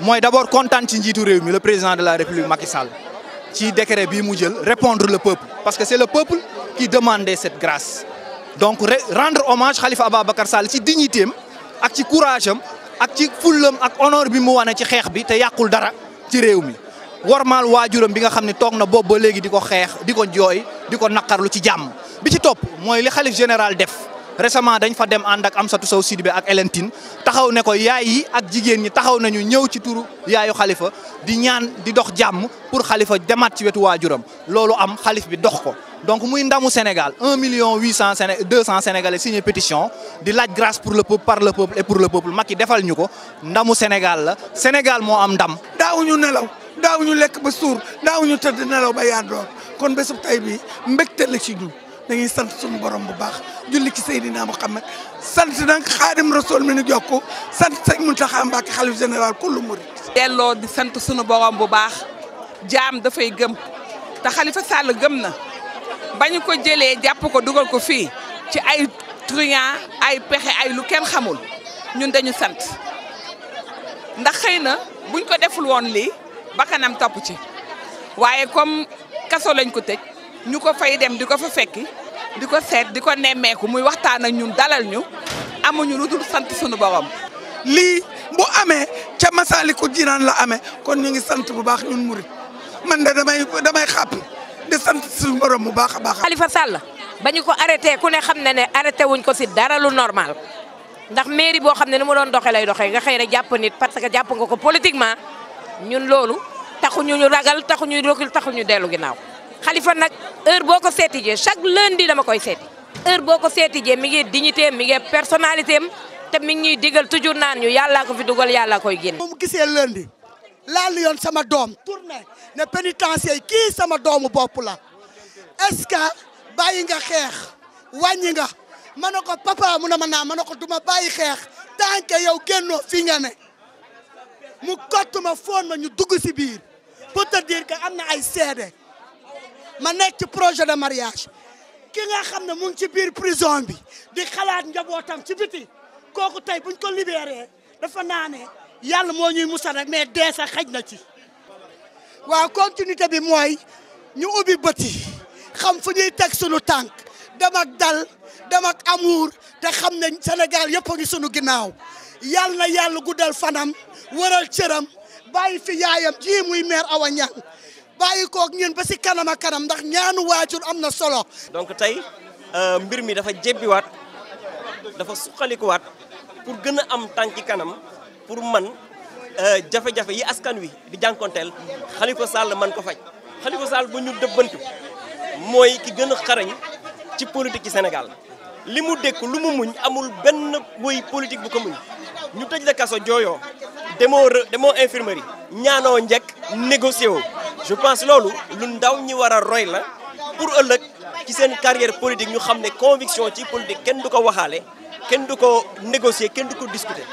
Moi d'abord content ci njiitu le président de la république Macky Sall ci décret bii mu jël répondre le peuple parce que c'est le peuple qui demandait cette grâce donc rendre hommage Khalifa Ababacar Sall ci dignité am ak ci courage am ak ci fullam ak honneur bi mu wane ci xeex bi te dara ci réew mi warmaal bi nga xamni ne na bobu ba léegi di ko joy di ko jooy ci jàmm bi ci top moy li xalif général def récemment dañ fa dem ànd ak Amsatou Sow Sidibé ak Hélène taxaw ne ko yaay yi ak jigéen ñi taxaw nañu ñëw ci turu yaayu xalifa di ñaan di dox jàmm pour xalifa demaat ci wetu waajuram loolu am xalif bi dox ko donc muy ndamu Sénégal 1 million 800 Séné 200 sénégalais signé pétition di laaj grâce pour le peuple par le peuple et pour le peuple Macky defal ñu ko ndamu Sénégal la Sénégal moo am ndam. daawuñu nelaw ñu lekk ba suur ñu tëdd nelaw ba yaandoor kon bésub tay bi mbégte la ci ñun. dañuy sant suñu borom bu baax julli ci Seydina Muhammad sant nag mu rasul mi nu jokku sant sëñ Muntaxa Mbàkke xalif général kullu murid delloo di sant suñu borom bu baax jaam dafay gëm te Xalifa Sall gëm na bañu ko jëlee jàpp ko dugal ko fii ci ay truand ay pexe ay lu kenn xamul ñun dañu sant ndax xëy na buñ ko deful woon lii bakanam topp ci waaye comme kaso lañ ko tëj ñu ko fay dem di ko fa fekki di ko seet di ko nemmeeku muy waxtaan ak ñun dalal ñu amuñu lu dul sant sunu borom. lii bu amee ca Masaalikul Jinaan la amee kon ñu ngi sant bu baax ñun murit man de damay damay xàppi di sant suñu borom bu baax a baax. Khalifa Sall ba ñu ko arrêté ku ne xam ne ne arrêté wuñ ko si dara lu normal ndax mairie boo xam ne ni doon doxee lay doxee nga xëy rek jàpp nit parce que jàpp nga ko politiquement ñun loolu taxuñu ñu ragal taxuñu recul taxuñu dellu ginnaaw. xalifa nag heure boo ko seeti jee chaque lundi dama koy seeti heure boo ko seeti jee mi ngi dignité mi ngi personnalité te mi ngi ñuy digal toujours naan ñu yàllaa ko fi dugal yàllaa koy génn. moom gisee lundi laal yoon sama doom tourné ne pénitencier kii sama doomu bopp la est que bàyyi nga xeex wàññi nga ma ne ko papa mu ne ma naa ma ne ko du ma bàyyi xeex tant que yow génnoo fi nga ne mu kott ma foon ma ñu dugg si biir pour te dire am na ay seede. ma nekk ci projet de mariage ki nga xam ne mu ci biir prison bi di xalaat njabootam ci biti kooku tey buñ ko libéré dafa naa ne yàlla moo ñuy musal rek mais dee sa xaj na ci waaw continuité bi mooy ñu ubbi bët xam fu ñuy teg sunu tànk dem dal dem ak te xam ne senegal yëpp a ngi sunu ginnaaw yàlla na yàlla guddal fanam waral cëram bàyyi fi yaayam ji muy mère Awa Niang bàyyi kook ñun ba si kanam ak ndax ñaanu waajur am na solo. donc tey euh, mbir mi dafa jébbiwaat dafa suqalikuwaat pour gën a am tànki kanam pour man euh, jafe-jafe yi askan wi di jànkonteel Khalifa Sall man ko faj Khalifa Sall bu ñu dëbbantu mooy ki gën a ci politique ci Sénégal li mu dékk lu mu muñ amul benn woy politique bu ko muñ ñu tëj la kaso jooyoo demoo demoo infirmerie ñaanoo njëkk négocié woo je pense loolu lu ndaw ñi wara a roy la pour ëllëg ci sen carrière politique ñu xamné conviction ci politique kenn duko waxalé waxaale kenn négocier kenn duko discuter